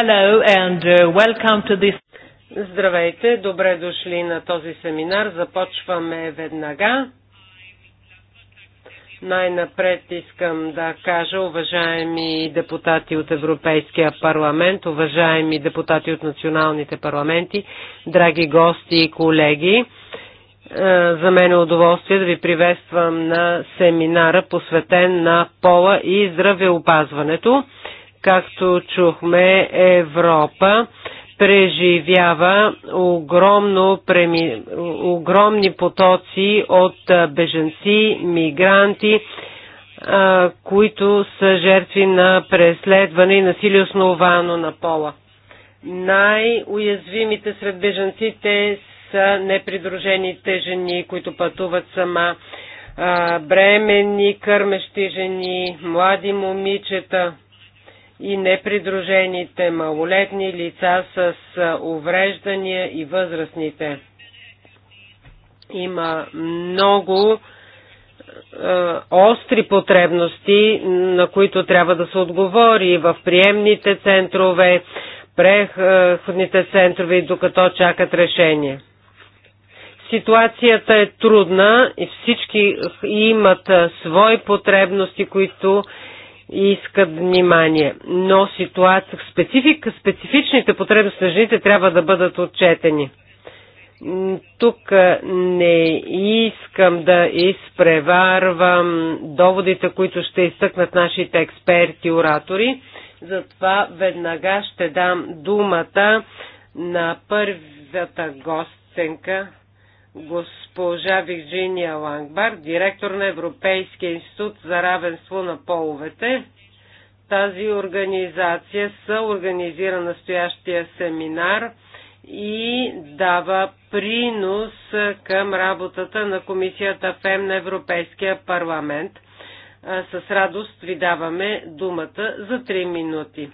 Hello and uh, welcome to this. Здравейте, добре дошли на този семинар. Започваме веднага. Най-напред искам да кажа, уважаеми депутати от Европейския парламент, уважаеми депутати от националните парламенти, драги гости и колеги, е, за мен е удоволствие да ви приветствам на семинара, посветен на пола и здравеопазването. Както чухме, Европа преживява огромно, преми, огромни потоци от беженци, мигранти, които са жертви на преследване и насилие основано на пола. Най-уязвимите сред беженците са непридружените жени, които пътуват сама, бременни, кърмещи жени, млади момичета, и непридружените малолетни лица с увреждания и възрастните. Има много остри потребности, на които трябва да се отговори в приемните центрове, преходните центрове, докато чакат решение. Ситуацията е трудна и всички имат свои потребности, които искат внимание. Но ситуация, специфик, специфичните потребности на жените трябва да бъдат отчетени. Тук не искам да изпреварвам доводите, които ще изтъкнат нашите експерти, оратори. Затова веднага ще дам думата на първата гостенка, госпожа Вирджиния Лангбар, директор на Европейския институт за равенство на половете. Тази организация са организира настоящия семинар и дава принос към работата на комисията ФЕМ на Европейския парламент. С радост ви даваме думата за 3 минути.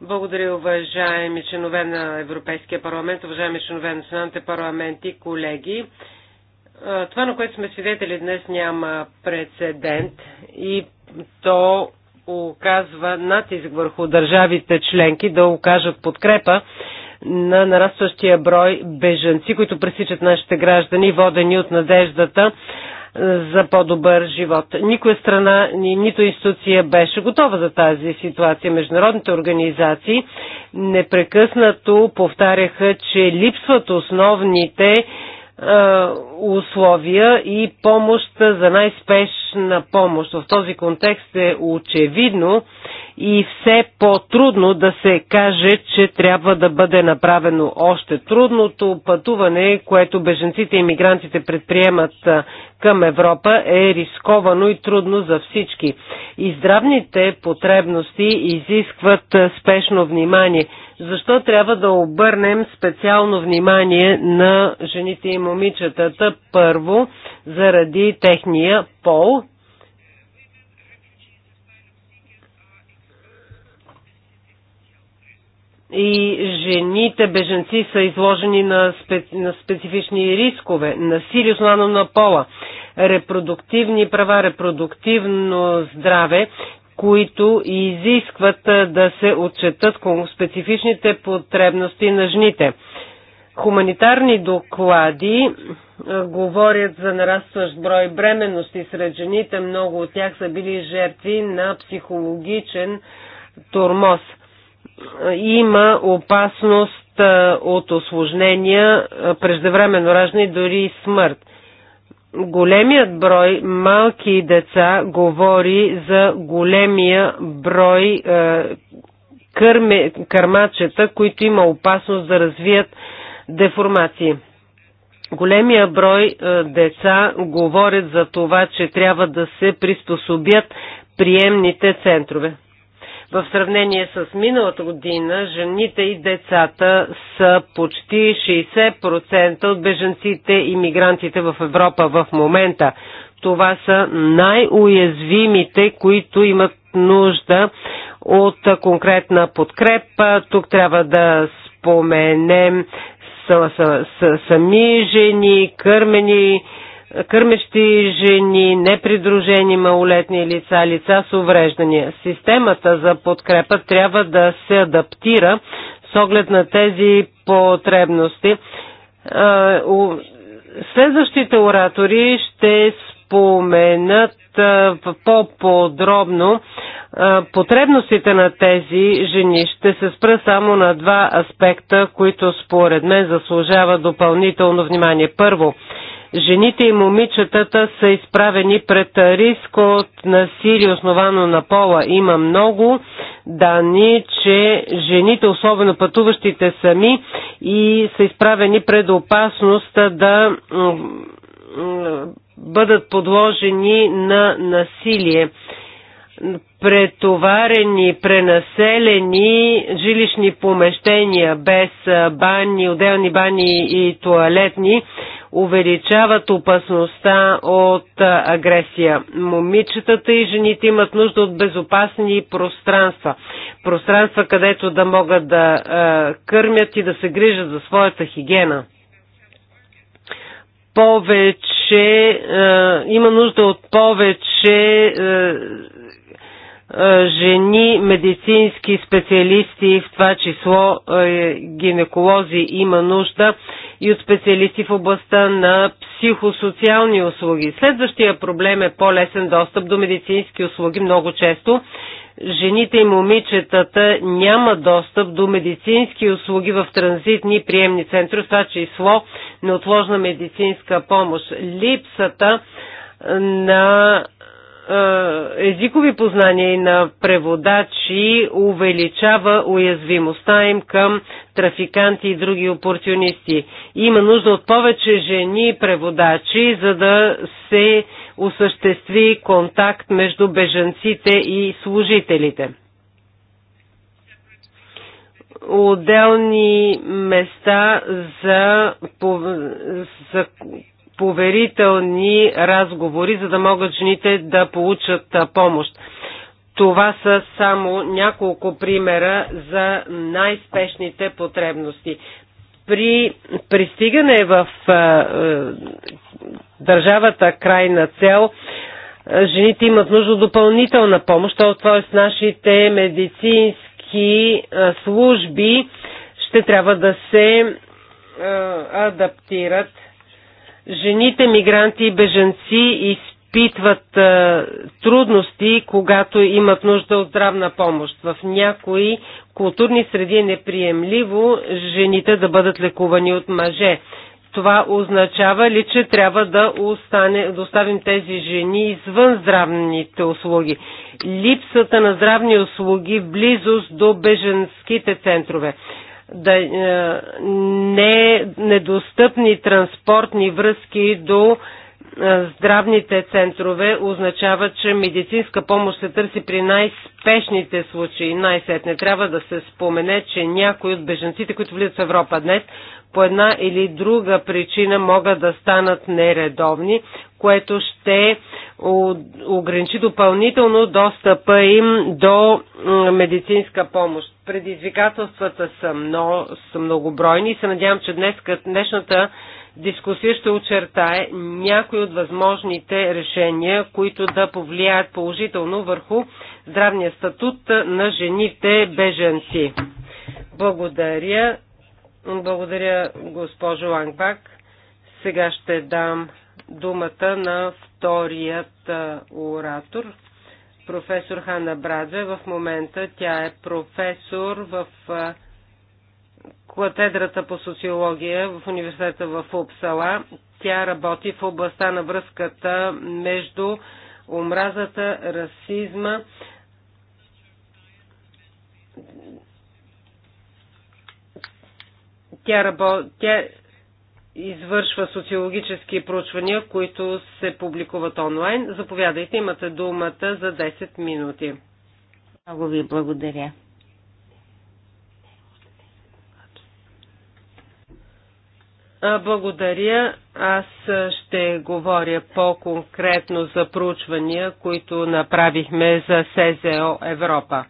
Благодаря, уважаеми членове на Европейския парламент, уважаеми членове на националните парламенти, колеги. Това, на което сме свидетели днес, няма прецедент и то оказва натиск върху държавите членки да окажат подкрепа на нарастващия брой бежанци, които пресичат нашите граждани, водени от надеждата за по-добър живот. Никоя страна, ни, нито институция беше готова за тази ситуация. Международните организации непрекъснато повтаряха, че липсват основните е, условия и помощ за най-спешна помощ. В този контекст е очевидно, и все по-трудно да се каже, че трябва да бъде направено още трудното пътуване, което беженците и мигрантите предприемат към Европа е рисковано и трудно за всички. И здравните потребности изискват спешно внимание. Защо трябва да обърнем специално внимание на жените и момичетата? Първо, заради техния пол, и жените беженци са изложени на, специ... на специфични рискове, насилие основано на пола, репродуктивни права, репродуктивно здраве, които изискват да се отчетат специфичните потребности на жените. Хуманитарни доклади говорят за нарастващ брой бременности сред жените. Много от тях са били жертви на психологичен тормоз – има опасност от осложнения, преждевременно раждане и дори смърт. Големият брой малки деца говори за големия брой кърме, кърмачета, които има опасност да развият деформации. Големия брой деца говорят за това, че трябва да се приспособят приемните центрове. В сравнение с миналата година, жените и децата са почти 60% от беженците и мигрантите в Европа в момента. Това са най-уязвимите, които имат нужда от конкретна подкрепа. Тук трябва да споменем сами жени, кърмени, кърмещи жени, непридружени малолетни лица, лица с увреждания. Системата за подкрепа трябва да се адаптира с оглед на тези потребности. Следващите оратори ще споменат по-подробно потребностите на тези жени. Ще се спра само на два аспекта, които според мен заслужават допълнително внимание. Първо, Жените и момичетата са изправени пред риск от насилие, основано на пола. Има много данни, че жените, особено пътуващите сами, и са изправени пред опасност да бъдат подложени на насилие. Претоварени, пренаселени жилищни помещения без бани, отделни бани и туалетни увеличават опасността от агресия. Момичетата и жените имат нужда от безопасни пространства. Пространства, където да могат да кърмят и да се грижат за своята хигиена. Повече, има нужда от повече жени, медицински специалисти, в това число гинеколози има нужда и от специалисти в областта на психосоциални услуги. Следващия проблем е по-лесен достъп до медицински услуги. Много често жените и момичетата няма достъп до медицински услуги в транзитни приемни центри, това число неотложна медицинска помощ. Липсата на е, езикови познания и на преводачи увеличава уязвимостта им към трафиканти и други опортунисти. Има нужда от повече жени преводачи, за да се осъществи контакт между бежанците и служителите. Отделни места за, за поверителни разговори, за да могат жените да получат помощ. Това са само няколко примера за най-спешните потребности. При пристигане в държавата крайна цел, жените имат нужда от допълнителна помощ, т.е. нашите медицински служби ще трябва да се адаптират Жените, мигранти и беженци изпитват а, е, трудности, когато имат нужда от здравна помощ. В някои културни среди е неприемливо жените да бъдат лекувани от мъже. Това означава ли, че трябва да, остане, да оставим тези жени извън здравните услуги? Липсата на здравни услуги в близост до беженските центрове да е, не недостъпни транспортни връзки до здравните центрове означава, че медицинска помощ се търси при най-спешните случаи. Най-сетне трябва да се спомене, че някои от беженците, които влизат в Европа днес, по една или друга причина могат да станат нередовни, което ще ограничи допълнително достъпа им до медицинска помощ. Предизвикателствата са, много, са многобройни и се надявам, че днес днешната дискусия ще очертае някои от възможните решения, които да повлияят положително върху здравния статут на жените беженци. Благодаря. Благодаря, госпожо Лангбак. Сега ще дам думата на вторият оратор, професор Хана Брадзе. В момента тя е професор в катедрата по социология в университета в Упсала. Тя работи в областта на връзката между омразата, расизма, тя, рабо... тя извършва социологически проучвания, които се публикуват онлайн. Заповядайте, имате думата за 10 минути. Много ви благодаря. Благодаря. Аз ще говоря по-конкретно за проучвания, които направихме за СЗО Европа.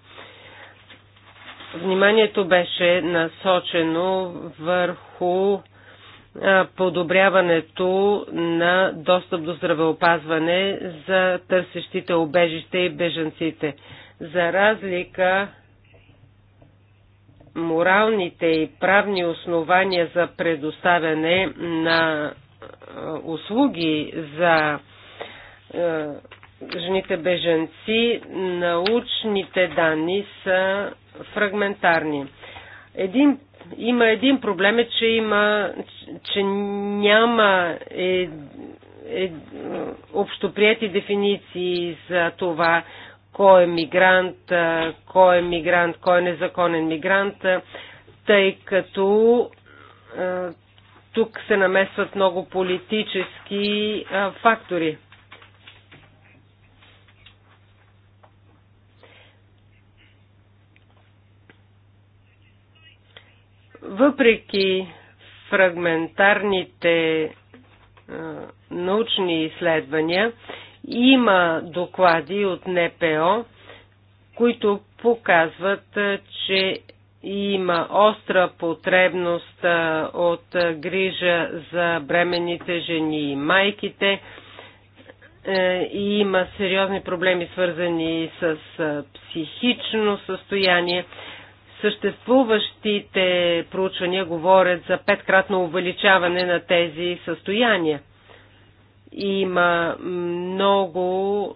Вниманието беше насочено върху подобряването на достъп до здравеопазване за търсещите обежище и бежанците. За разлика моралните и правни основания за предоставяне на е, услуги за е, жените беженци, научните данни са фрагментарни. Един, има един проблем е, че, има, че няма е, е, общоприяти дефиниции за това кой е мигрант, кой е мигрант, кой е незаконен мигрант, тъй като тук се намесват много политически фактори. Въпреки фрагментарните научни изследвания, има доклади от НПО, които показват, че има остра потребност от грижа за бременните жени и майките. Е, и има сериозни проблеми, свързани с психично състояние. Съществуващите проучвания говорят за петкратно увеличаване на тези състояния. Има много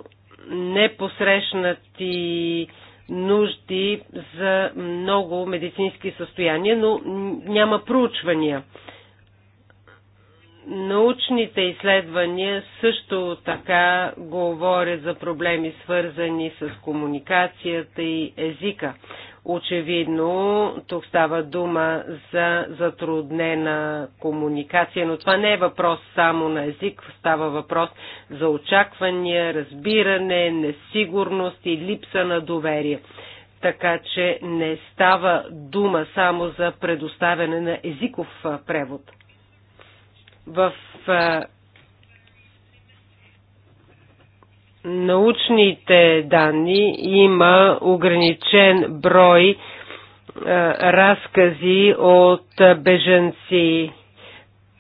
непосрещнати нужди за много медицински състояния, но няма проучвания. Научните изследвания също така говорят за проблеми, свързани с комуникацията и езика. Очевидно, тук става дума за затруднена комуникация, но това не е въпрос само на език, става въпрос за очаквания, разбиране, несигурност и липса на доверие. Така че не става дума само за предоставяне на езиков превод. В научните данни има ограничен брой е, разкази от беженци.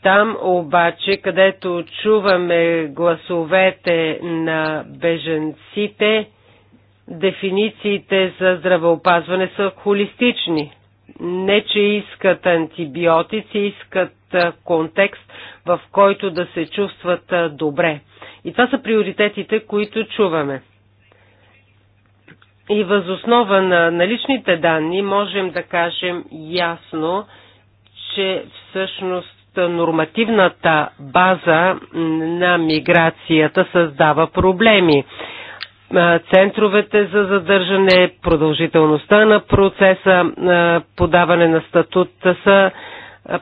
Там обаче, където чуваме гласовете на беженците, дефинициите за здравеопазване са холистични. Не, че искат антибиотици, искат е, контекст, в който да се чувстват е, добре. И това са приоритетите, които чуваме. И възоснова на наличните данни можем да кажем ясно, че всъщност нормативната база на миграцията създава проблеми. Центровете за задържане, продължителността на процеса, подаване на статут са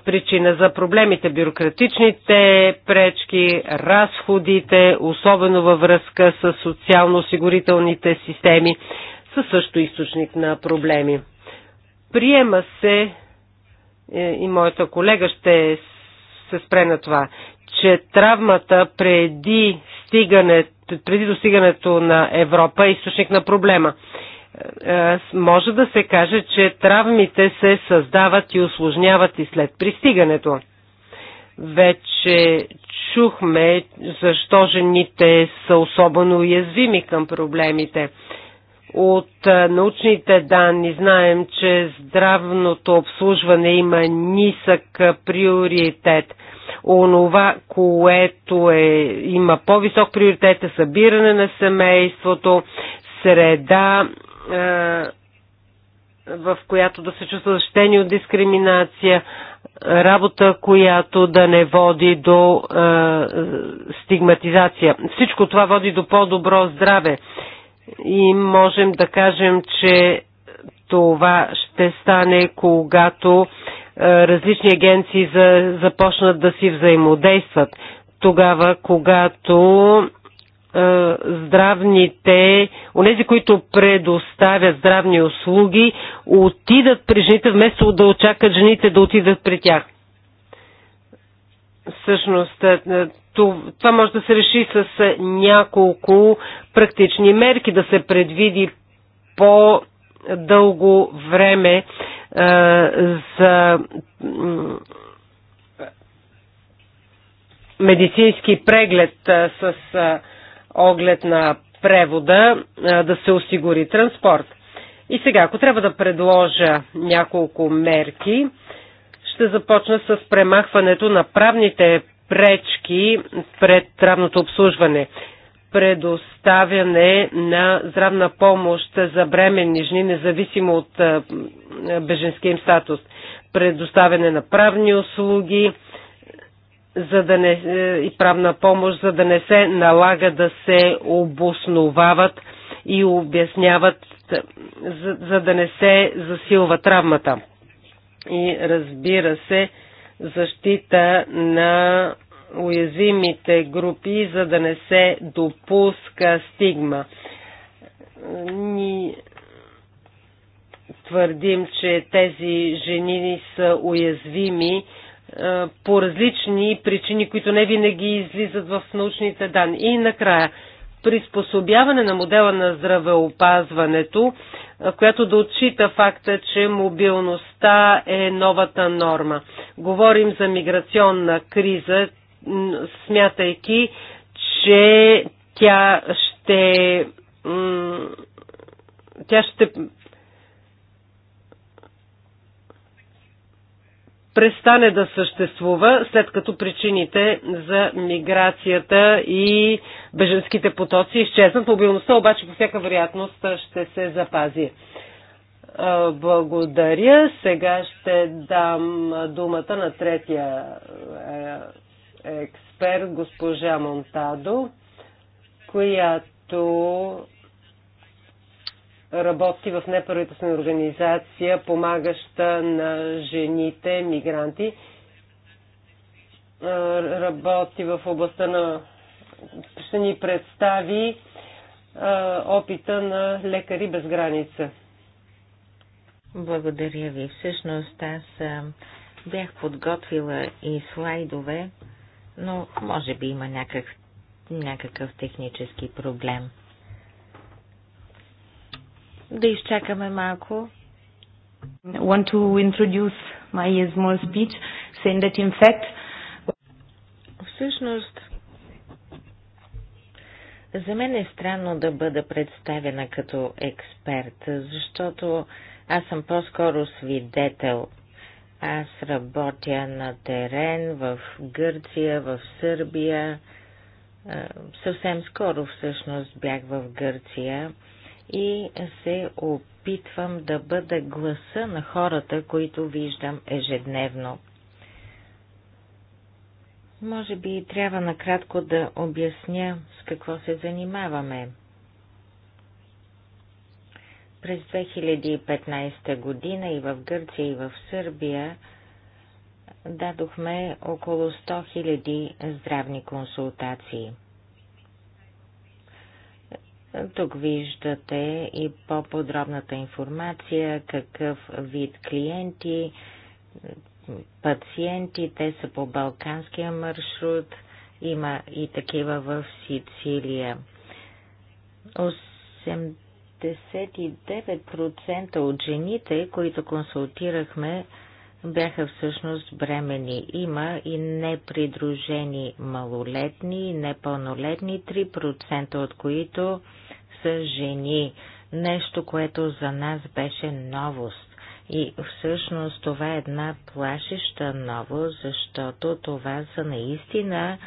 причина за проблемите. Бюрократичните пречки, разходите, особено във връзка с социално-осигурителните системи, са също източник на проблеми. Приема се, е, и моята колега ще се спре на това, че травмата преди, стигане, преди достигането на Европа е източник на проблема. Е, може да се каже, че травмите се създават и осложняват и след пристигането. Вече чухме защо жените са особено уязвими към проблемите. От е, научните данни знаем, че здравното обслужване има нисък приоритет. Онова, което е, има по-висок приоритет е събиране на семейството, среда, е, в която да се чувстват защитени от дискриминация, работа, която да не води до е, стигматизация. Всичко това води до по-добро здраве и можем да кажем, че това ще стане, когато е, различни агенции за, започнат да си взаимодействат. Тогава, когато е, здравните, онези, които предоставят здравни услуги, отидат при жените, вместо да очакат жените да отидат при тях. Всъщност, е, е, това може да се реши с няколко практични мерки, да се предвиди по-дълго време за медицински преглед с оглед на превода да се осигури транспорт. И сега, ако трябва да предложа няколко мерки, ще започна с премахването на правните пречки пред травното обслужване. Предоставяне на здравна помощ за бременни жени, независимо от беженския им статус. Предоставяне на правни услуги, за да не, е, и правна помощ, за да не се налага да се обосновават и обясняват, за, за да не се засилва травмата. И разбира се, защита на уязвимите групи, за да не се допуска стигма. Ни твърдим, че тези жени са уязвими е, по различни причини, които не винаги излизат в научните данни. И накрая, приспособяване на модела на здравеопазването, е, която да отчита факта, че мобилността е новата норма. Говорим за миграционна криза, смятайки, че тя ще тя ще престане да съществува, след като причините за миграцията и беженските потоци изчезнат. Мобилността обаче по всяка вероятност ще се запази. Благодаря. Сега ще дам думата на третия е, експерт, госпожа Монтадо, която работи в неправителствена организация, помагаща на жените, мигранти. Е, работи в областта на... Ще ни представи е, опита на Лекари без граница. Благодаря ви. Всъщност аз е, бях подготвила и слайдове, но може би има някакъв, някакъв технически проблем. Да изчакаме малко. Want to introduce my small speech, saying that in fact... Всъщност, за мен е странно да бъда представена като експерт, защото аз съм по-скоро свидетел. Аз работя на терен в Гърция, в Сърбия. Е, съвсем скоро всъщност бях в Гърция и се опитвам да бъда гласа на хората, които виждам ежедневно. Може би трябва накратко да обясня с какво се занимаваме. През 2015 година и в Гърция, и в Сърбия дадохме около 100 000 здравни консултации – тук виждате и по-подробната информация, какъв вид клиенти, пациенти, те са по балканския маршрут, има и такива в Сицилия. 89% от жените, които консултирахме, бяха всъщност бремени. Има и непридружени малолетни и непълнолетни, 3% от които са жени. Нещо, което за нас беше новост. И всъщност това е една плашеща новост, защото това са наистина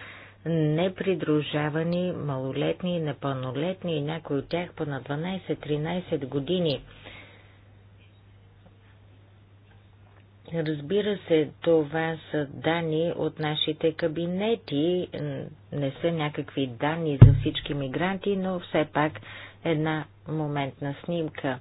непридружавани малолетни и непълнолетни и някои от тях по на 12-13 години – Разбира се, това са данни от нашите кабинети, не са някакви данни за всички мигранти, но все пак една моментна снимка.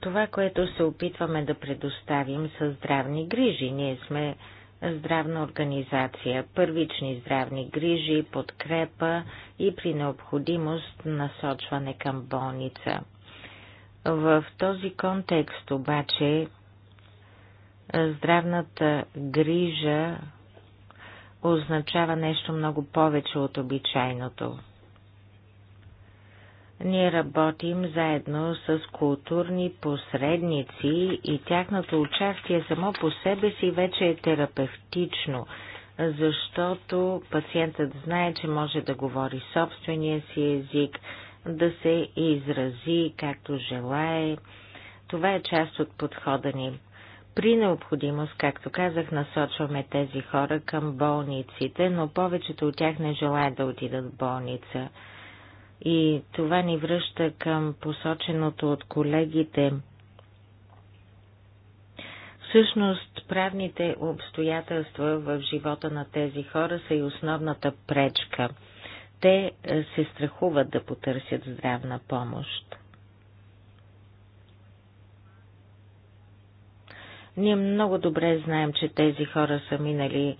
Това, което се опитваме да предоставим са здравни грижи. Ние сме здравна организация, първични здравни грижи, подкрепа и при необходимост насочване към болница. В този контекст обаче здравната грижа означава нещо много повече от обичайното. Ние работим заедно с културни посредници и тяхното участие само по себе си вече е терапевтично, защото пациентът знае, че може да говори собствения си език, да се изрази както желае. Това е част от подхода ни. При необходимост, както казах, насочваме тези хора към болниците, но повечето от тях не желаят да отидат в болница. И това ни връща към посоченото от колегите. Всъщност, правните обстоятелства в живота на тези хора са и основната пречка – те е, се страхуват да потърсят здравна помощ. Ние много добре знаем, че тези хора са минали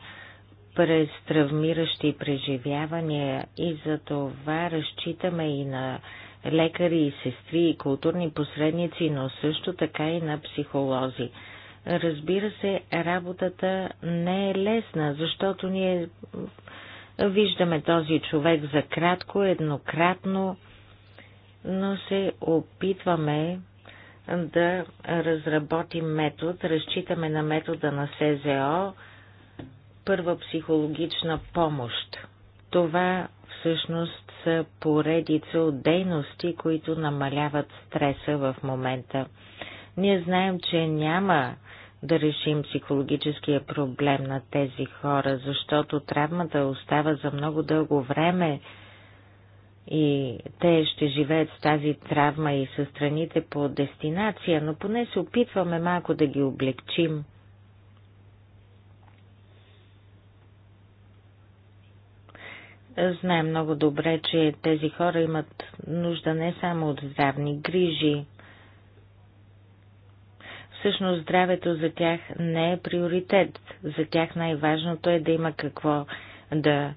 през травмиращи преживявания и за това разчитаме и на лекари и сестри и културни посредници, но също така и на психолози. Разбира се, работата не е лесна, защото ние Виждаме този човек за кратко, еднократно, но се опитваме да разработим метод, разчитаме на метода на СЗО, първа психологична помощ. Това всъщност са поредица от дейности, които намаляват стреса в момента. Ние знаем, че няма да решим психологическия проблем на тези хора, защото травмата остава за много дълго време и те ще живеят с тази травма и със страните по дестинация, но поне се опитваме малко да ги облегчим. Знаем много добре, че тези хора имат нужда не само от здравни грижи, Всъщност здравето за тях не е приоритет. За тях най-важното е да има какво да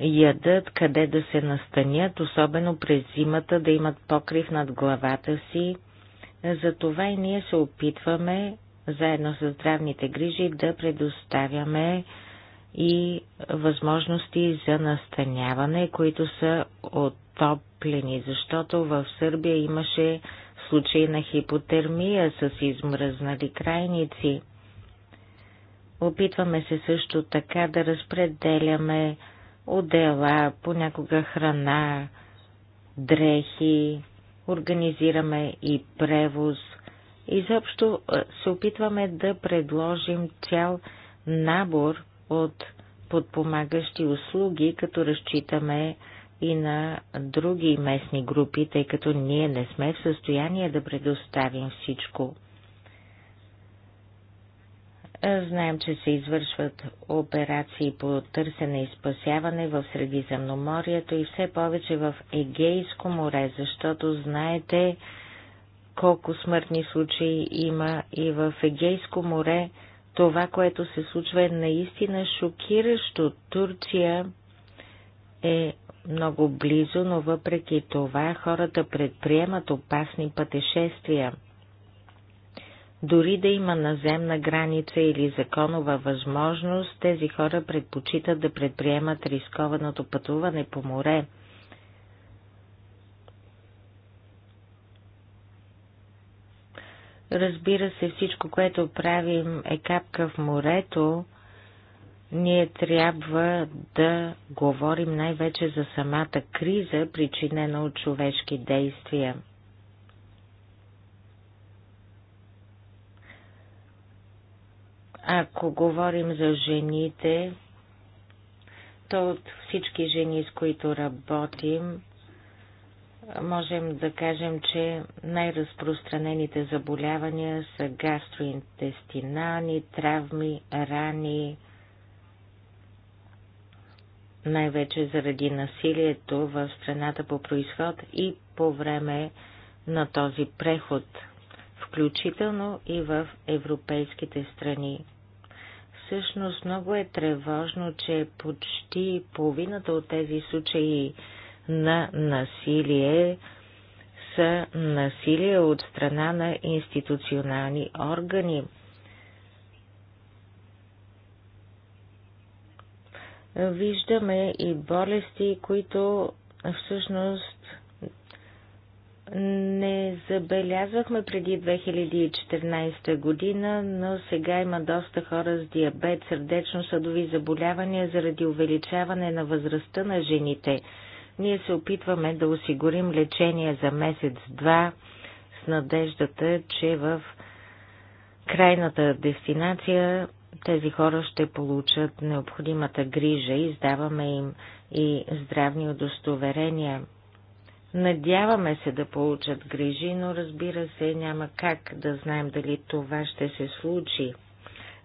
ядат, къде да се настанят, особено през зимата, да имат покрив над главата си. Затова и ние се опитваме, заедно с здравните грижи, да предоставяме и възможности за настаняване, които са отоплени, защото в Сърбия имаше случай на хипотермия с измръзнали крайници. Опитваме се също така да разпределяме отдела, понякога храна, дрехи, организираме и превоз. Изобщо се опитваме да предложим цял набор от подпомагащи услуги, като разчитаме и на други местни групи, тъй като ние не сме в състояние да предоставим всичко. Знаем, че се извършват операции по търсене и спасяване в Средиземноморието и все повече в Егейско море, защото знаете колко смъртни случаи има и в Егейско море. Това, което се случва е наистина шокиращо. Турция е много близо, но въпреки това хората предприемат опасни пътешествия. Дори да има наземна граница или законова възможност, тези хора предпочитат да предприемат рискованото пътуване по море. Разбира се, всичко, което правим е капка в морето, ние трябва да говорим най-вече за самата криза, причинена от човешки действия. Ако говорим за жените, то от всички жени, с които работим, можем да кажем, че най-разпространените заболявания са гастроинтестинални, травми, рани, най-вече заради насилието в страната по происход и по време на този преход, включително и в европейските страни. Всъщност много е тревожно, че почти половината от тези случаи на насилие са насилие от страна на институционални органи. виждаме и болести, които всъщност не забелязвахме преди 2014 година, но сега има доста хора с диабет, сърдечно-съдови заболявания заради увеличаване на възрастта на жените. Ние се опитваме да осигурим лечение за месец-два с надеждата, че в крайната дестинация тези хора ще получат необходимата грижа. Издаваме им и здравни удостоверения. Надяваме се да получат грижи, но разбира се, няма как да знаем дали това ще се случи,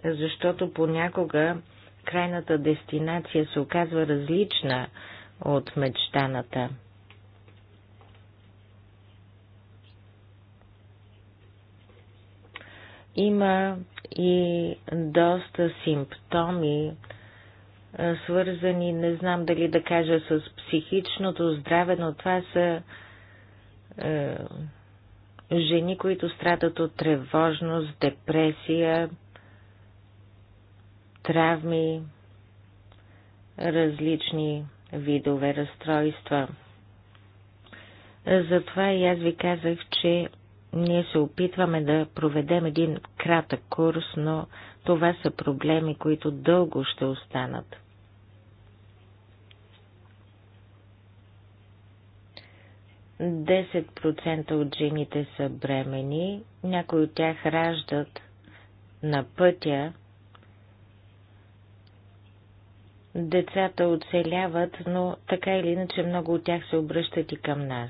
защото понякога крайната дестинация се оказва различна от мечтаната. Има и доста симптоми, свързани, не знам дали да кажа, с психичното здраве, но това са е, жени, които страдат от тревожност, депресия, травми, различни видове разстройства. Затова и аз ви казах, че ние се опитваме да проведем един кратък курс, но това са проблеми, които дълго ще останат. Десет процента от жените са бремени, някои от тях раждат на пътя. Децата оцеляват, но така или иначе много от тях се обръщат и към нас.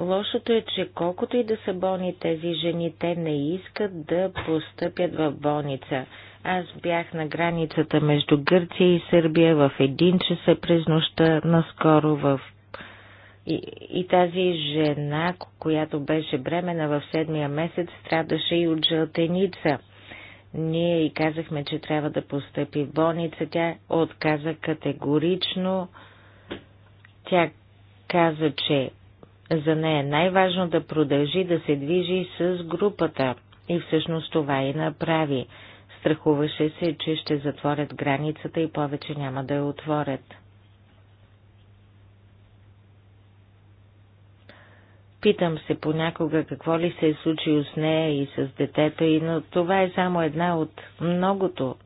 Лошото е, че колкото и да са болни тези жени, те не искат да постъпят в болница. Аз бях на границата между Гърция и Сърбия в един часа през нощта, наскоро в и, и тази жена, която беше бремена в седмия месец, страдаше и от жълтеница. Ние и казахме, че трябва да постъпи в болница. Тя отказа категорично. Тя каза, че за нея е най-важно да продължи да се движи с групата и всъщност това и направи. Страхуваше се, че ще затворят границата и повече няма да я отворят. Питам се понякога какво ли се е случило с нея и с детето и, но това е само една от многото.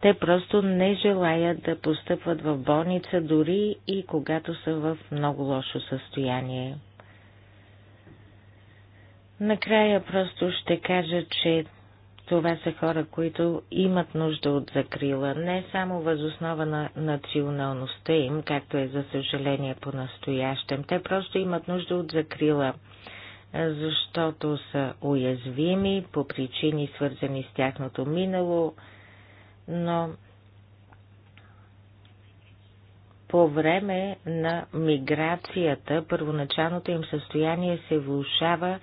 Те просто не желаят да постъпват в болница, дори и когато са в много лошо състояние. Накрая просто ще кажа, че това са хора, които имат нужда от закрила, не само възоснова на националността им, както е за съжаление по-настоящем. Те просто имат нужда от закрила, защото са уязвими по причини свързани с тяхното минало, но по време на миграцията първоначалното им състояние се влушава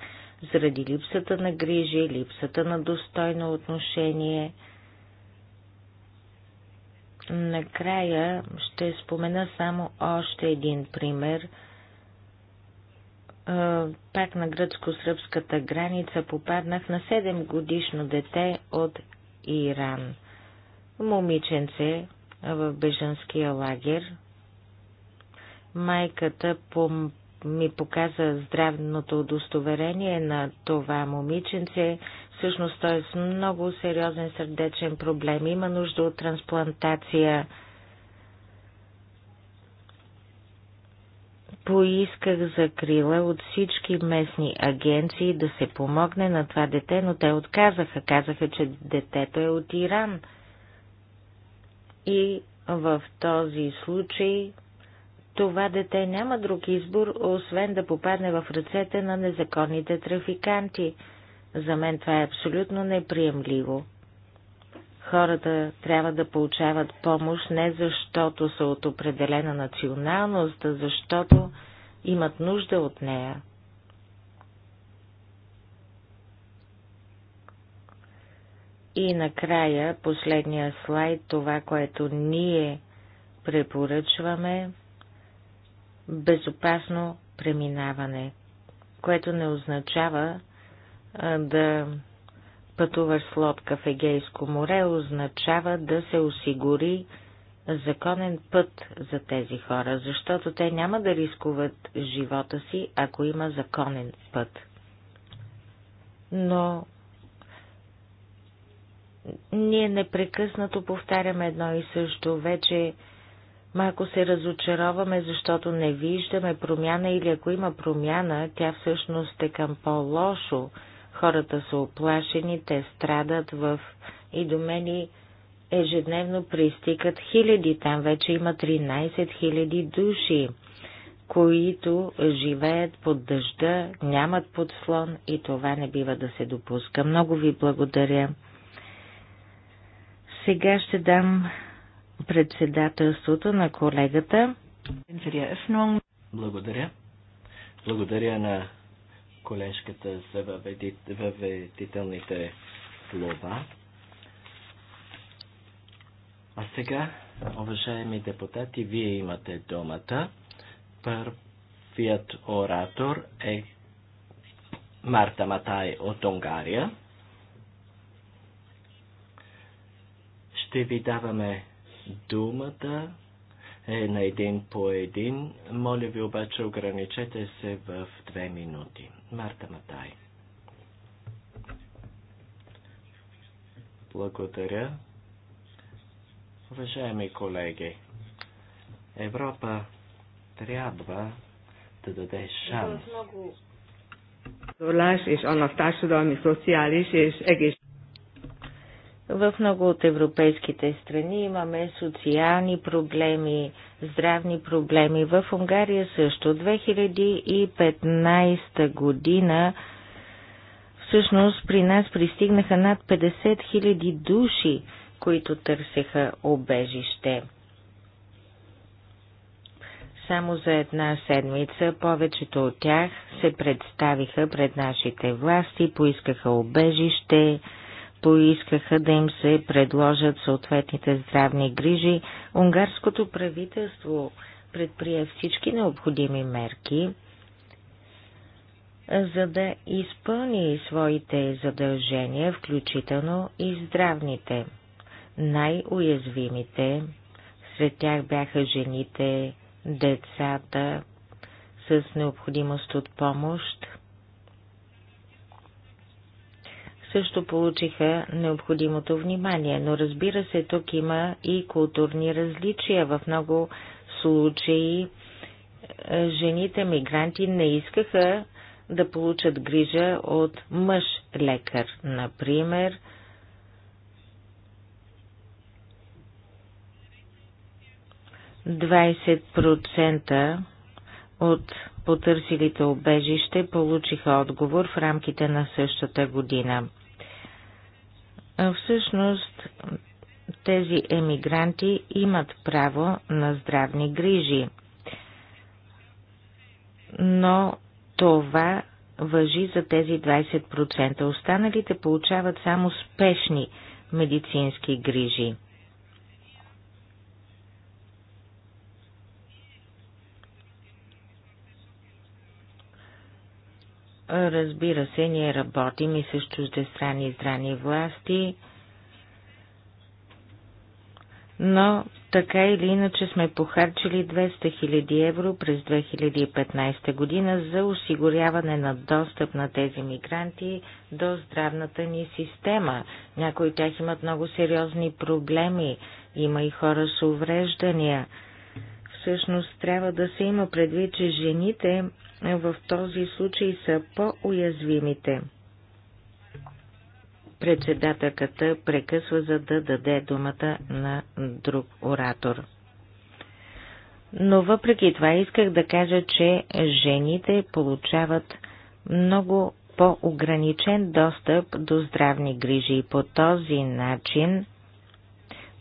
заради липсата на грижи, липсата на достойно отношение. Накрая ще спомена само още един пример. Е, пак на гръцко-сръбската граница попаднах на 7 годишно дете от Иран. Момиченце в беженския лагер. Майката ми показа здравното удостоверение на това момиченце. Всъщност той е с много сериозен сърдечен проблем. Има нужда от трансплантация. Поисках закрила от всички местни агенции да се помогне на това дете, но те отказаха. Казаха, че детето е от Иран. И в този случай това дете няма друг избор, освен да попадне в ръцете на незаконните трафиканти. За мен това е абсолютно неприемливо. Хората трябва да получават помощ не защото са от определена националност, а защото имат нужда от нея. И накрая, последния слайд, това, което ние препоръчваме – безопасно преминаване, което не означава а, да пътуваш с лодка в Егейско море, означава да се осигури законен път за тези хора, защото те няма да рискуват живота си, ако има законен път. Но ние непрекъснато повтаряме едно и също. Вече Ма ако се разочароваме, защото не виждаме промяна или ако има промяна, тя всъщност е към по-лошо. Хората са оплашени, те страдат в и до мен ежедневно пристигат хиляди, там вече има 13 хиляди души, които живеят под дъжда, нямат подслон и това не бива да се допуска. Много ви благодаря. Сега ще дам председателството на колегата. Благодаря. Благодаря на колежката за въведителните слова. А сега, уважаеми депутати, вие имате думата. Първият оратор е Марта Матай от Унгария. Ще ви даваме думата е на един по един. Моля ви обаче, ограничете се в две минути. Марта Матай. Благодаря. Уважаеми колеги, Европа трябва да даде шанс. Gyakorlás és annak társadalmi, szociális és egész... В много от европейските страни имаме социални проблеми, здравни проблеми. В Унгария също. 2015 година всъщност при нас пристигнаха над 50 000 души, които търсеха обежище. Само за една седмица повечето от тях се представиха пред нашите власти, поискаха обежище, поискаха да им се предложат съответните здравни грижи, унгарското правителство предприе всички необходими мерки, за да изпълни своите задължения, включително и здравните. Най-уязвимите сред тях бяха жените, децата с необходимост от помощ – също получиха необходимото внимание, но разбира се, тук има и културни различия. В много случаи е, жените мигранти не искаха да получат грижа от мъж лекар, например. Двадесет процента от потърсилите обежище получиха отговор в рамките на същата година. Всъщност тези емигранти имат право на здравни грижи. Но това въжи за тези 20%. Останалите получават само спешни медицински грижи. Разбира се, ние работим и с чуждестранни здрани власти, но така или иначе сме похарчили 200 000 евро през 2015 година за осигуряване на достъп на тези мигранти до здравната ни система. Някои от тях имат много сериозни проблеми, има и хора с увреждания. Всъщност трябва да се има предвид, че жените в този случай са по-уязвимите. Председателката прекъсва, за да даде думата на друг оратор. Но въпреки това исках да кажа, че жените получават много по-ограничен достъп до здравни грижи и по този начин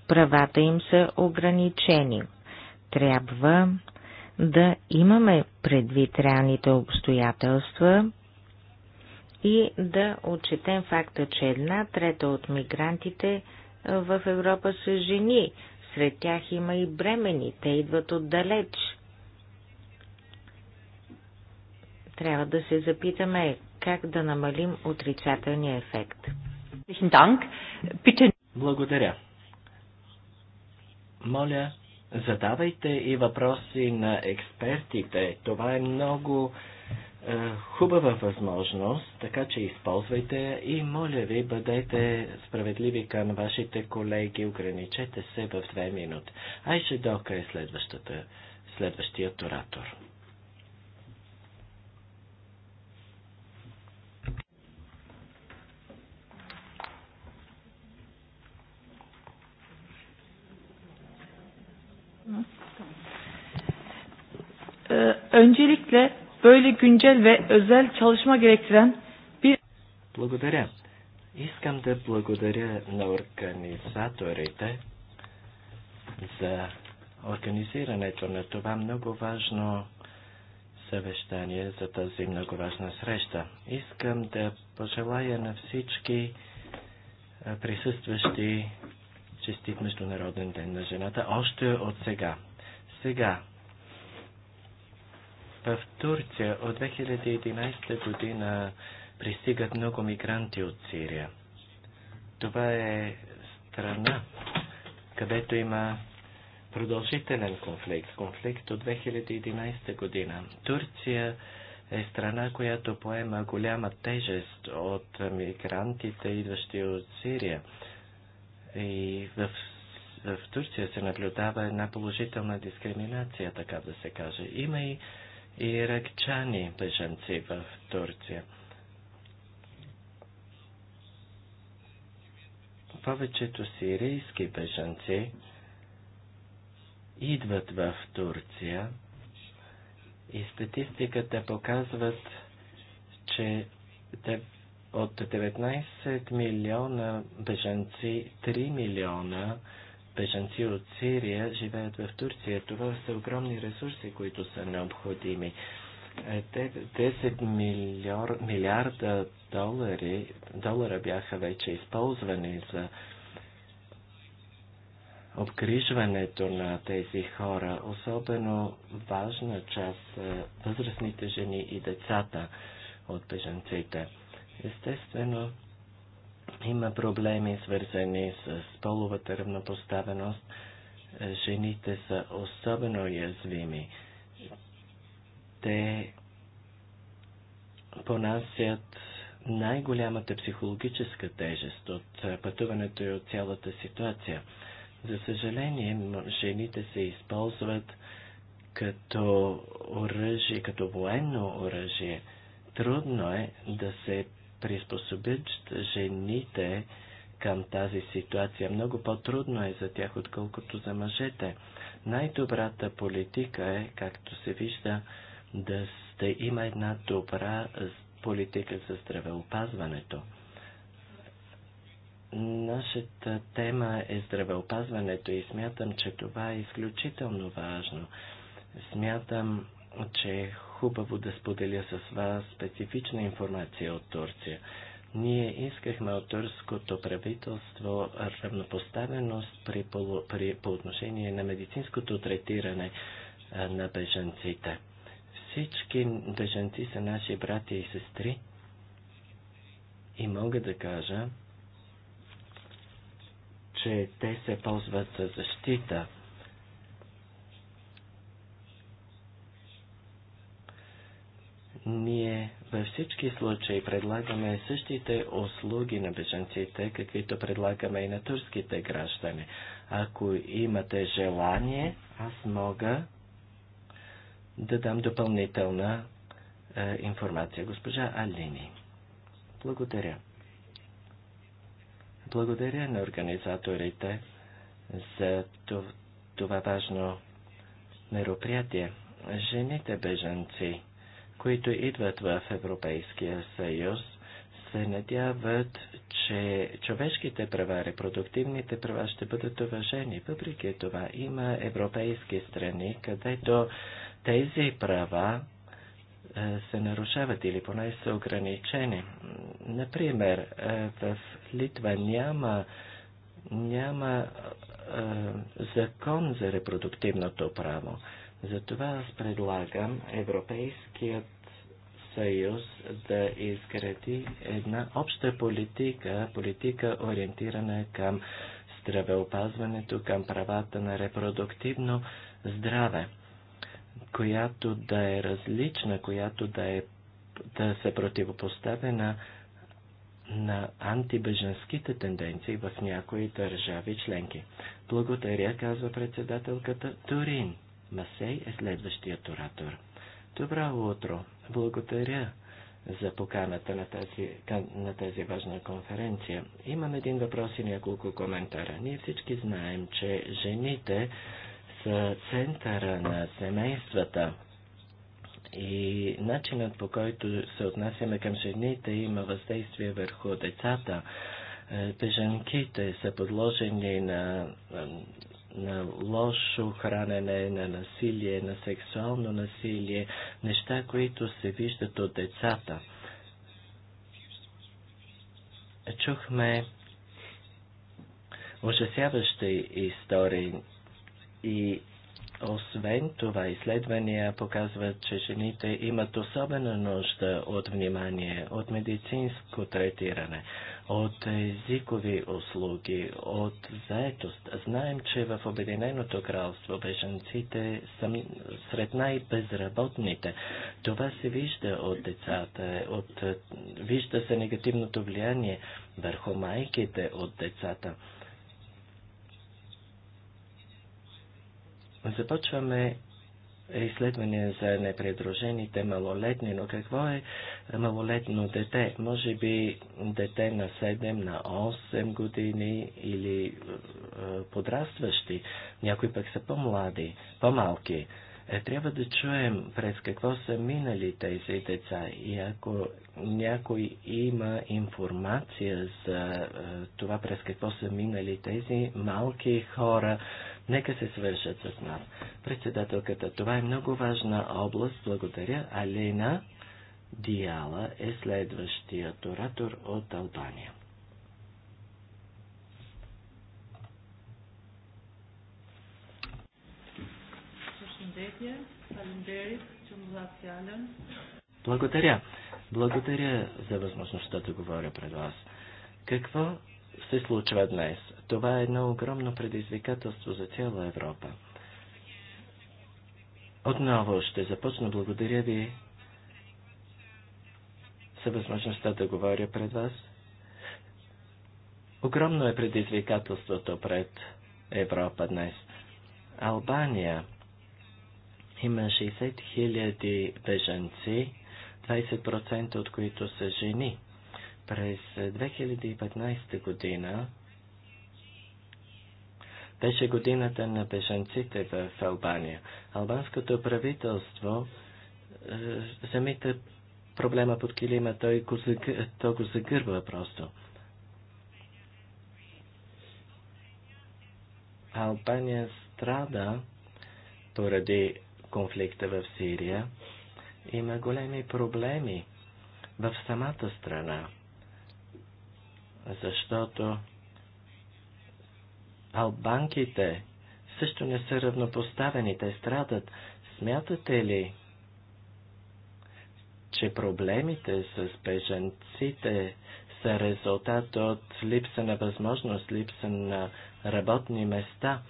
правата им са ограничени. Трябва да имаме предвид реалните обстоятелства и да отчетем факта, че една трета от мигрантите в Европа са жени. Сред тях има и бремени. Те идват отдалеч. Трябва да се запитаме как да намалим отрицателния ефект. Благодаря. Моля, Задавайте и въпроси на експертите. Това е много е, хубава възможност, така че използвайте и моля ви, бъдете справедливи към вашите колеги, ограничете се в две минути. Айше Дока е следващият оратор. öncelikle böyle güncel ve özel çalışma gerektiren bir... Благодаря. Искам да благодаря на организаторите за организирането на това много важно съвещание за тази много важна среща. Искам да пожелая на всички е, присъстващи честит Международен ден на жената още от сега. Сега в Турция от 2011 година пристигат много мигранти от Сирия. Това е страна, където има продължителен конфликт, конфликт от 2011 година. Турция е страна, която поема голяма тежест от мигрантите, идващи от Сирия. И в, в Турция се наблюдава една положителна дискриминация, така да се каже. Има и и иракчани бежанци в Турция. Повечето сирийски бежанци идват в Турция и статистиката показват, че от 19 милиона бежанци 3 милиона бежанци от Сирия живеят в Турция. Това са огромни ресурси, които са необходими. 10 е, милиор, милиарда долари, долара бяха вече използвани за обгрижването на тези хора. Особено важна част са възрастните жени и децата от бежанците. Естествено, има проблеми, свързани с половата равнопоставеност. Жените са особено уязвими. Те понасят най-голямата психологическа тежест от пътуването и от цялата ситуация. За съжаление, жените се използват като оръжие, като военно оръжие. Трудно е да се приспособят жените към тази ситуация. Много по-трудно е за тях, отколкото за мъжете. Най-добрата политика е, както се вижда, да, да има една добра политика за здравеопазването. Нашата тема е здравеопазването и смятам, че това е изключително важно. Смятам, че хубаво да споделя с вас специфична информация от Турция. Ние искахме от турското правителство равнопоставеност при, по, при, по отношение на медицинското третиране а, на бежанците. Всички бежанци са наши брати и сестри и мога да кажа, че те се ползват за защита Ние във всички случаи предлагаме същите услуги на бежанците, каквито предлагаме и на турските граждани. Ако имате желание, аз мога да дам допълнителна е, информация. Госпожа Алини. Благодаря. Благодаря на организаторите за това важно мероприятие. Жените бежанци които идват в Европейския съюз, се надяват, че човешките права, репродуктивните права ще бъдат уважени. Въпреки това има европейски страни, където тези права е, се нарушават или поне са ограничени. Например, е, в Литва няма, няма е, закон за репродуктивното право. Затова аз предлагам Европейският съюз да изгради една обща политика, политика ориентирана към здравеопазването, към правата на репродуктивно здраве, която да е различна, която да, е, да се противопоставя на, на антибеженските тенденции в някои държави членки. Благодаря, казва председателката Турин. Масей е следващият оратор. Добро утро! Благодаря за поканата на тази, на тази важна конференция. Имам един въпрос и няколко коментара. Ние всички знаем, че жените са центъра на семействата и начинът по който се отнасяме към жените има въздействие върху децата. Е, бежанките са подложени на е, на лошо хранене, на насилие, на сексуално насилие, неща, които се виждат от децата. Чухме ужасяващи истории и освен това, изследвания показват, че жените имат особена нужда от внимание, от медицинско третиране от езикови услуги, от заетост. Знаем, че в Обединеното кралство беженците са сред най-безработните. Това се вижда от децата, от, вижда се негативното влияние върху майките от децата. Започваме изследване за непредружените малолетни, но какво е малолетно дете, може би дете на 7, на 8 години или е, подрастващи, някои пък са по-млади, по-малки. Е, трябва да чуем през какво са минали тези деца и ако някой има информация за е, това през какво са минали тези малки хора, нека се свършат с нас. Председателката, това е много важна област. Благодаря. Алина. Диала е следващият оратор от Албания. Благодаря. Благодаря за възможността да говоря пред вас. Какво се случва днес? Това е едно огромно предизвикателство за цяла Европа. Отново ще започна. Благодаря ви за възможността да говоря пред вас. Огромно е предизвикателството пред Европа днес. Албания има 60 000 беженци, 20% от които са жени. През 2015 година беше годината на бежанците в Албания. Албанското правителство е, замита проблема под килима, той го, загъ... той го загърва просто. Албания страда поради конфликта в Сирия. Има големи проблеми в самата страна, защото албанките също не са равнопоставени, те страдат. Смятате ли, че проблемите с беженците са резултат от липса на възможност, липса на работни места.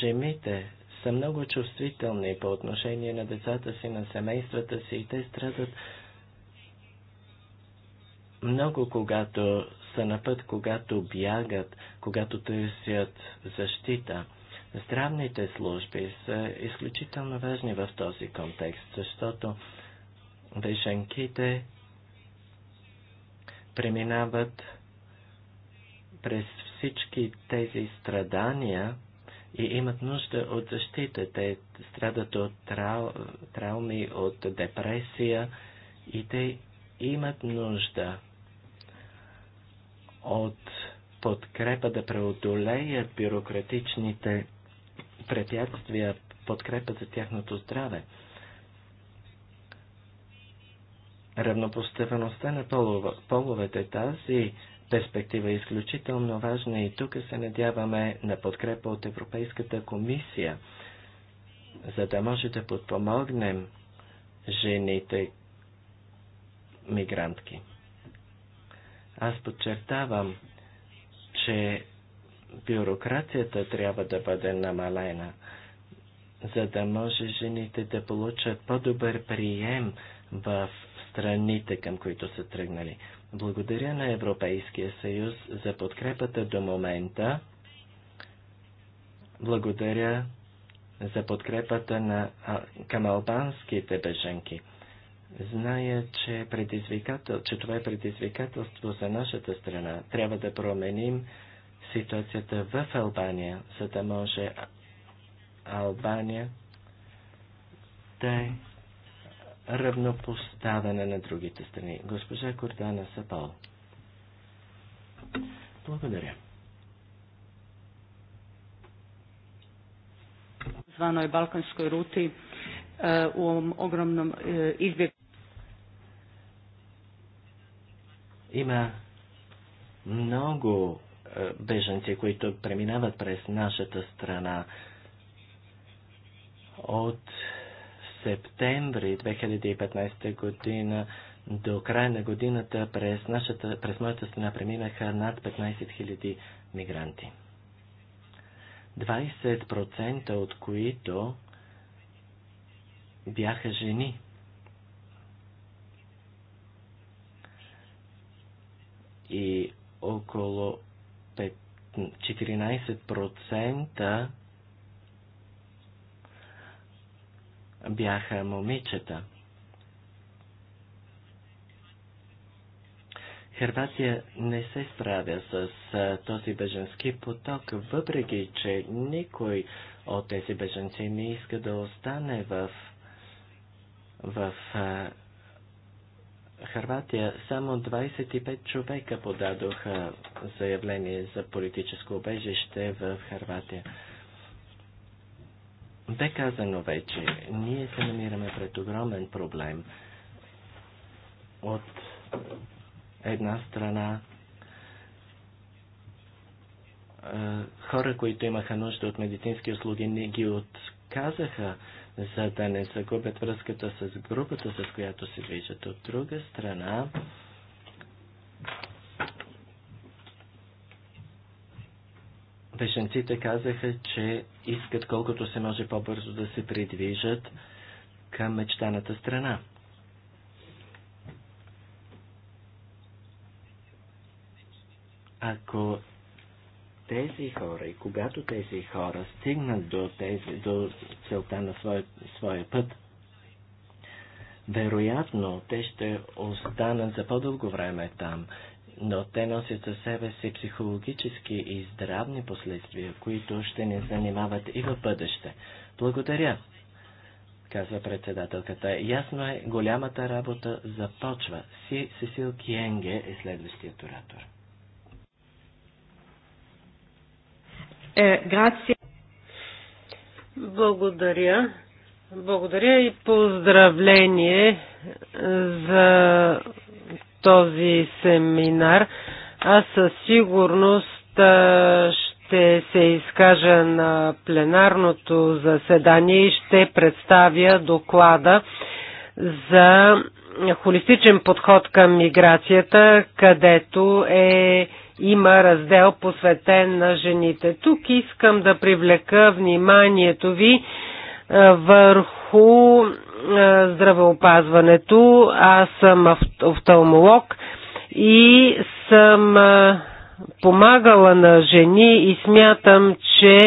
Жените са много чувствителни по отношение на децата си, на семействата си и те страдат много, когато са на път, когато бягат, когато търсят защита. Здравните служби са изключително важни в този контекст, защото бежанките преминават през всички тези страдания и имат нужда от защита. Те страдат от трав... трауми, от депресия и те имат нужда от подкрепа да преодолеят бюрократичните препятствия подкрепа за тяхното здраве. Равнопоставеността на половете е тази перспектива е изключително важна и тук се надяваме на подкрепа от Европейската комисия, за да може да подпомогнем жените мигрантки. Аз подчертавам, че бюрокрацията трябва да бъде намалена, за да може жените да получат по-добър прием в страните, към които са тръгнали. Благодаря на Европейския съюз за подкрепата до момента. Благодаря за подкрепата на, а, към албанските беженки. Зная, че, предизвикател, че това е предизвикателство за нашата страна. Трябва да променим ситуацията в Албания, за да може Албания да е равнопоставена на другите страни. Госпожа Кордана Сапал. Благодаря. Званой е Балканской рути е, у ovom ogromnom izbjegu. Има много беженци, които преминават през нашата страна. От септември 2015 година до края на годината през, нашата, през моята страна преминаха над 15 000 мигранти. 20% от които бяха жени. И около 14% бяха момичета. Хрватия не се справя с този беженски поток, въпреки че никой от тези беженци не иска да остане в, в Харватия само 25 човека подадоха заявление за политическо убежище в Харватия. Бе казано вече, ние се намираме пред огромен проблем. От една страна е, хора, които имаха нужда от медицински услуги, не ги от Казаха, за да не загубят връзката с групата, с която се движат. От друга страна, беженците казаха, че искат колкото се може по-бързо да се придвижат към мечтаната страна. Ако тези хора и когато тези хора стигнат до, тези, до целта на своя, своя път, вероятно те ще останат за по-дълго време там, но те носят със себе си психологически и здравни последствия, които ще ни занимават и в бъдеще. Благодаря, казва председателката. Ясно е, голямата работа започва. Си Сесил Киенге е следващият оратор. Е, грация. Благодаря. Благодаря и поздравление за този семинар. Аз със сигурност ще се изкажа на пленарното заседание и ще представя доклада за холистичен подход към миграцията, където е има раздел посветен на жените. Тук искам да привлека вниманието ви е, върху е, здравеопазването. Аз съм офталмолог и съм е, помагала на жени и смятам, че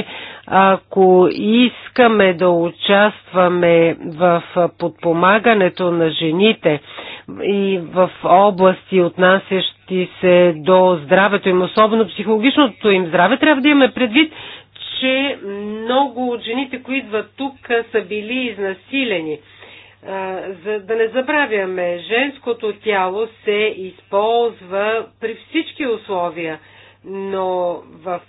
ако искаме да участваме в подпомагането на жените и в области, отнасящи отнасящи се до здравето им, особено психологичното им здраве, трябва да имаме предвид, че много от жените, които идват тук, са били изнасилени. За да не забравяме, женското тяло се използва при всички условия, но в,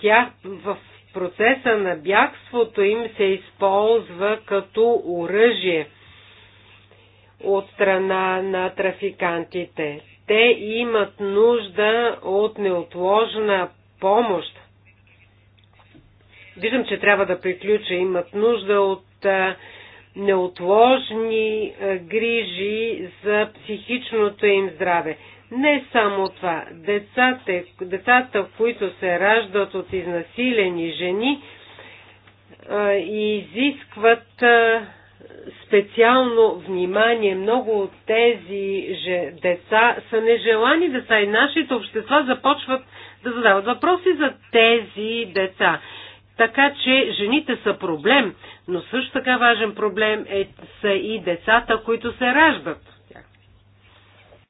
тях, в процеса на бягството им се използва като оръжие от страна на трафикантите те имат нужда от неотложна помощ. Виждам, че трябва да приключа. Имат нужда от неотложни грижи за психичното им здраве. Не само това. Децата, децата които се раждат от изнасилени жени, изискват специално внимание. Много от тези же деца са нежелани деца и нашите общества започват да задават въпроси за тези деца. Така че жените са проблем, но също така важен проблем е, са и децата, които се раждат.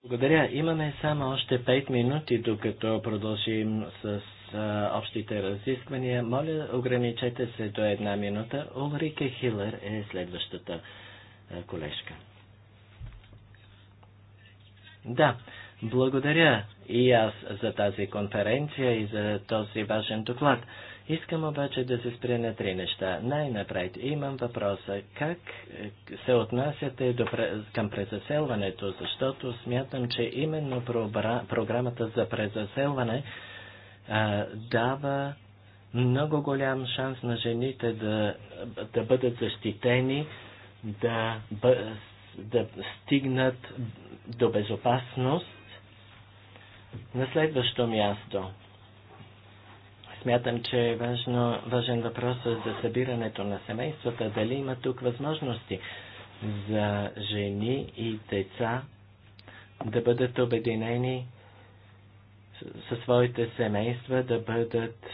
Благодаря. Имаме само още 5 минути, докато продължим с за общите разисквания. Моля, ограничете се до една минута. Улрике Хилър е следващата колежка. Да, благодаря и аз за тази конференция и за този важен доклад. Искам обаче да се спре на три неща. Най-напред имам въпроса как е, се отнасяте до, към презаселването, защото смятам, че именно програмата за презаселване а, дава много голям шанс на жените да, да бъдат защитени, да, да стигнат до безопасност. На следващо място. Смятам, че е важно, важен въпрос е за събирането на семействата. Дали има тук възможности за жени и деца да бъдат обединени със своите семейства да бъдат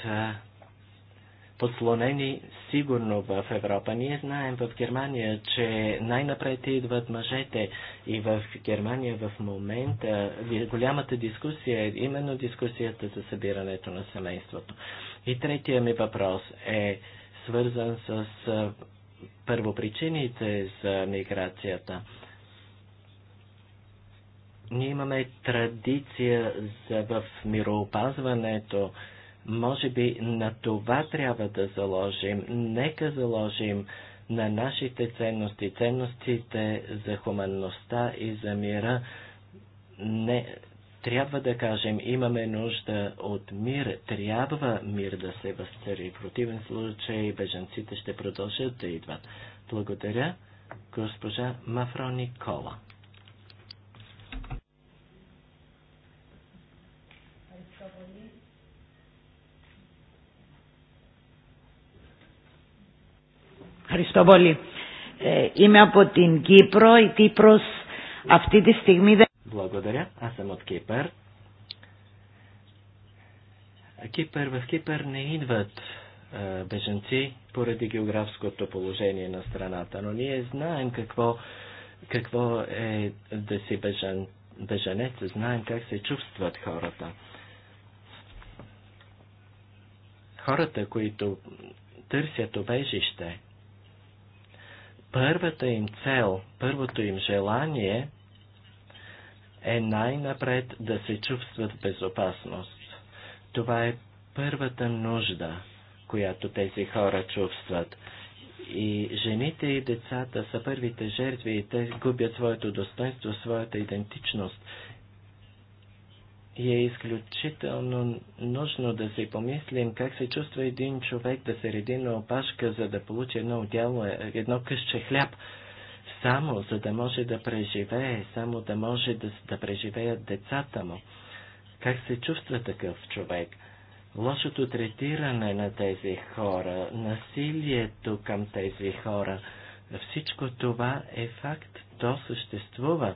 подслонени сигурно в Европа. Ние знаем в Германия, че най-напред идват мъжете и в Германия в момента голямата дискусия е именно дискусията за събирането на семейството. И третия ми въпрос е свързан с първопричините за миграцията. Ние имаме традиция за, в мироопазването. Може би на това трябва да заложим. Нека заложим на нашите ценности, ценностите за хуманността и за мира. Не, трябва да кажем, имаме нужда от мир, трябва мир да се възцари. В противен случай беженците ще продължат да идват. Благодаря, госпожа Мафро Никола. Ευχαριστώ πολύ. Ε, είμαι από την Κύπρο. Η Κύπρος αυτή τη στιγμή δεν... Благодаря. Аз съм от Кипър. Кипър в Кипър не идват е, беженци поради географското положение на страната, но ние знаем какво, какво е да си бежен, беженец, знаем как се чувстват хората. Хората, които търсят обежище, първата им цел, първото им желание е най-напред да се чувстват в безопасност. Това е първата нужда, която тези хора чувстват. И жените и децата са първите жертви и те губят своето достоинство, своята идентичност и е изключително нужно да си помислим как се чувства един човек да се реди на опашка, за да получи едно дяло, едно къще хляб, само за да може да преживее, само да може да, да преживеят децата му. Как се чувства такъв човек? Лошото третиране на тези хора, насилието към тези хора, всичко това е факт, то съществува.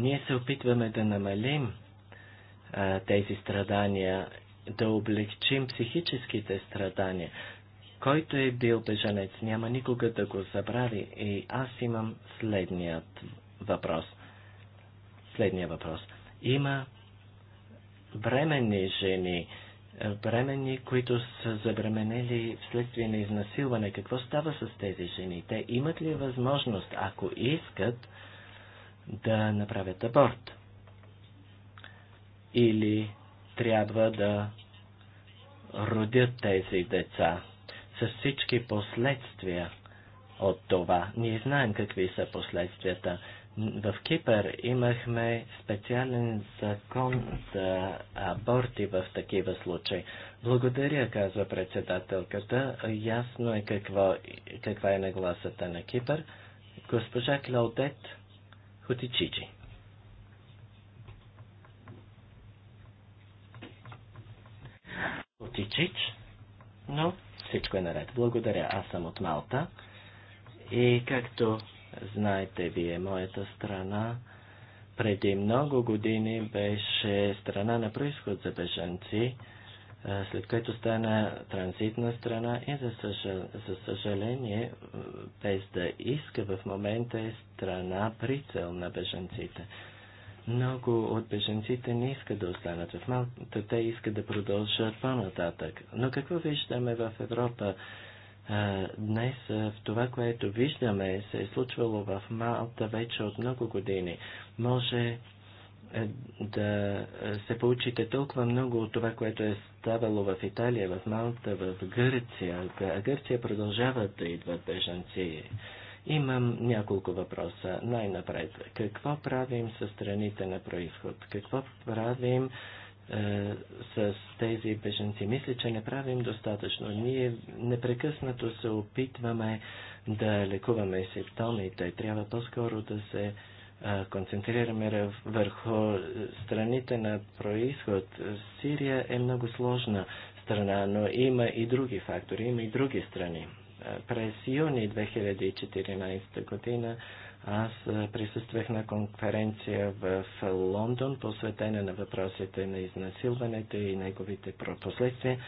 Ние се опитваме да намалим а, тези страдания, да облегчим психическите страдания. Който е бил беженец, няма никога да го забрави. И аз имам следният въпрос. Следния въпрос. Има бременни жени, бремени, които са забременели вследствие на изнасилване. Какво става с тези жени? Те имат ли възможност, ако искат, да направят аборт. Или трябва да родят тези деца с всички последствия от това. Ние знаем какви са последствията. В Кипър имахме специален закон за аборти в такива случаи. Благодаря, казва председателката. Ясно е какво, каква е нагласата на Кипър. Госпожа Клаудет Котичичи. Котичич, но всичко е наред. Благодаря, аз съм от Малта. И както знаете вие, моята страна преди много години беше страна на происход за бежанци след което стана транзитна страна и за, съжал... за съжаление, без да иска в момента е страна прицел на бежанците. Много от беженците не искат да останат в Малта, те искат да продължат по-нататък. Но какво виждаме в Европа? Днес в това, което виждаме, се е случвало в Малта вече от много години. Може е, да е, се получите толкова много от това, което е ставало в Италия, в Малта, в Гърция. А Гърция продължава да идват бежанци. Имам няколко въпроса. Най-напред, какво правим с страните на происход? Какво правим е, с тези беженци? Мисля, че не правим достатъчно. Ние непрекъснато се опитваме да лекуваме симптомите. Трябва по-скоро да се концентрираме върху страните на происход. Сирия е много сложна страна, но има и други фактори, има и други страни. През юни 2014 година аз присъствах на конференция в Лондон, посветена на въпросите на изнасилването и неговите последствия.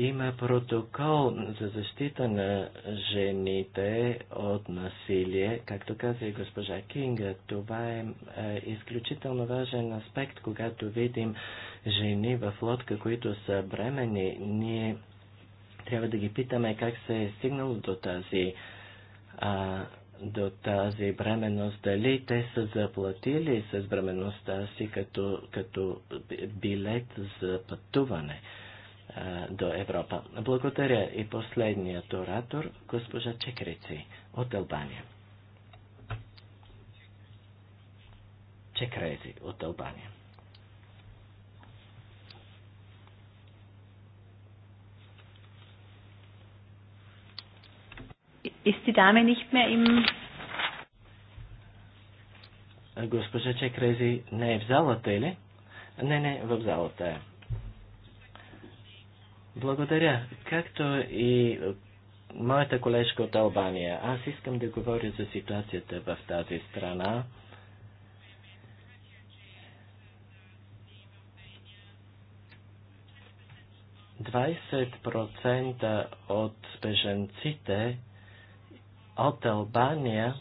Има протокол за защита на жените от насилие. Както каза и госпожа Кинга, това е, е изключително важен аспект, когато видим жени в лодка, които са бремени. Ние трябва да ги питаме как се е стигнало до тази, а, до тази бременност, дали те са заплатили с бременността си като, като билет за пътуване до Европа. Благодаря и последният оратор, госпожа Чекрици от Албания. Чекрези от Албания. Ist die Dame nicht mehr im... Госпожа Чекрези не е в залата или? Не, не, в залата е. Благодаря. Както и моята колежка от Албания, аз искам да говоря за ситуацията в тази страна. Двадесет процента от беженците от Албания,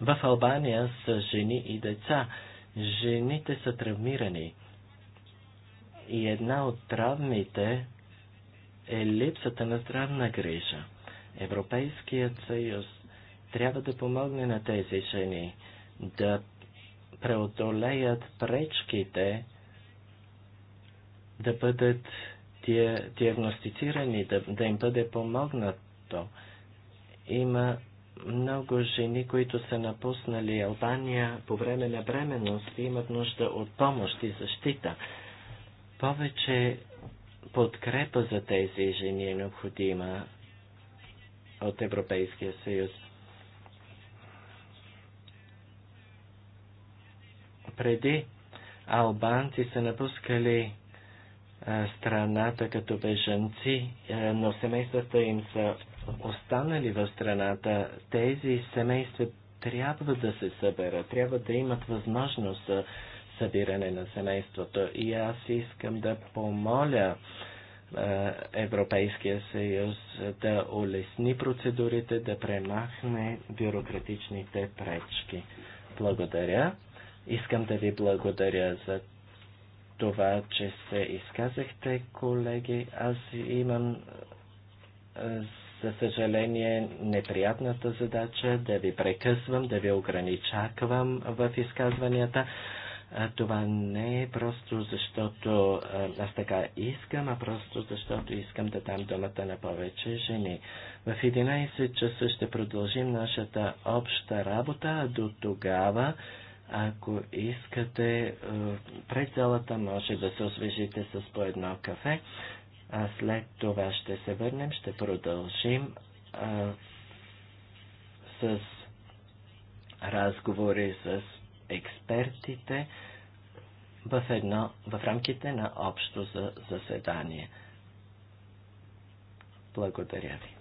в Албания са жени и деца. Жените са травмирани. И една от травмите е липсата на здравна грижа. Европейският съюз трябва да помогне на тези жени да преодолеят пречките, да бъдат диагностицирани, да, да им бъде помогнато. Има много жени, които са напуснали Албания по време на бременност и имат нужда от помощ и защита. Повече подкрепа за тези жени е необходима от Европейския съюз. Преди албанци са напускали а, страната като бежанци, а, но семействата им са останали в страната. Тези семейства трябва да се съберат, трябва да имат възможност събиране на семейството. И аз искам да помоля е, Европейския съюз да улесни процедурите, да премахне бюрократичните пречки. Благодаря. Искам да ви благодаря за това, че се изказахте, колеги. Аз имам, е, за съжаление, неприятната задача да ви прекъсвам, да ви ограничаквам в изказванията. Това не е просто защото аз така искам, а просто защото искам да дам думата на повече жени. В 11 часа ще продължим нашата обща работа, а до тогава, ако искате, пред залата може да се освежите с по едно кафе, а след това ще се върнем, ще продължим а, с разговори с експертите в, едно, в рамките на общо за заседание. Благодаря ви.